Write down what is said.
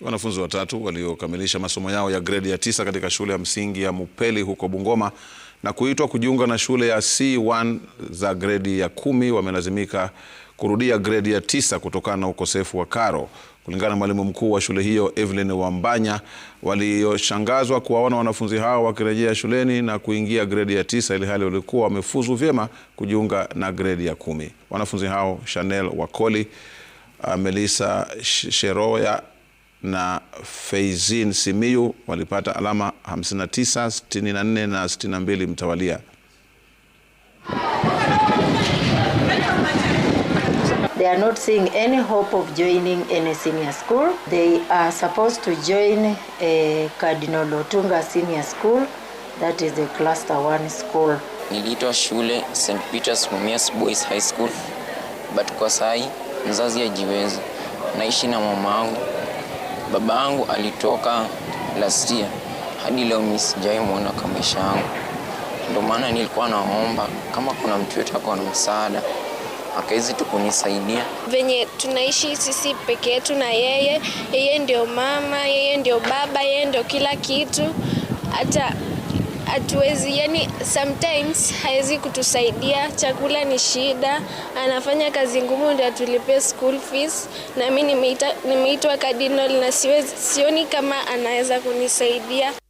Wanafunzi watatu waliokamilisha masomo yao ya gredi ya tisa katika shule ya msingi ya Mupeli huko Bungoma na kuitwa kujiunga na shule ya C1 za gredi ya kumi wamelazimika kurudia gredi ya tisa kutokana na ukosefu wa karo. Kulingana na mwalimu mkuu wa shule hiyo Evelyn Wambanya, walioshangazwa kuwaona wanafunzi hao wakirejea shuleni na kuingia gredi ya tisa ili hali walikuwa wamefuzu vyema kujiunga na gredi ya kumi. Wanafunzi hao Chanel Wakoli, Melissa Sheroya na Feizin simiu walipata alama 59, 64 na 62 mtawalia. They are not seeing any hope of joining any senior school. They are supposed to join a eh, Cardinal Otunga Senior School that is cluster school. Niliitwa shule St. Peter's Mumias Boys High School but kwa sai mzazi ajiwezi, naishi na mama wangu Babangu alitoka last year, hadi leo mimi sijaimwona kwa maisha yangu. Ndio maana nilikuwa naomba kama kuna mtu yote ako na msaada akawezi tu kunisaidia. Venye tunaishi sisi peke yetu na yeye, yeye ndio mama, yeye ndio baba, yeye ndio kila kitu hata hatuwezi yani, sometimes hawezi kutusaidia, chakula ni shida, anafanya kazi ngumu ndio atulipe school fees. Na mimi nimeitwa kadinol na siwezi, sioni kama anaweza kunisaidia.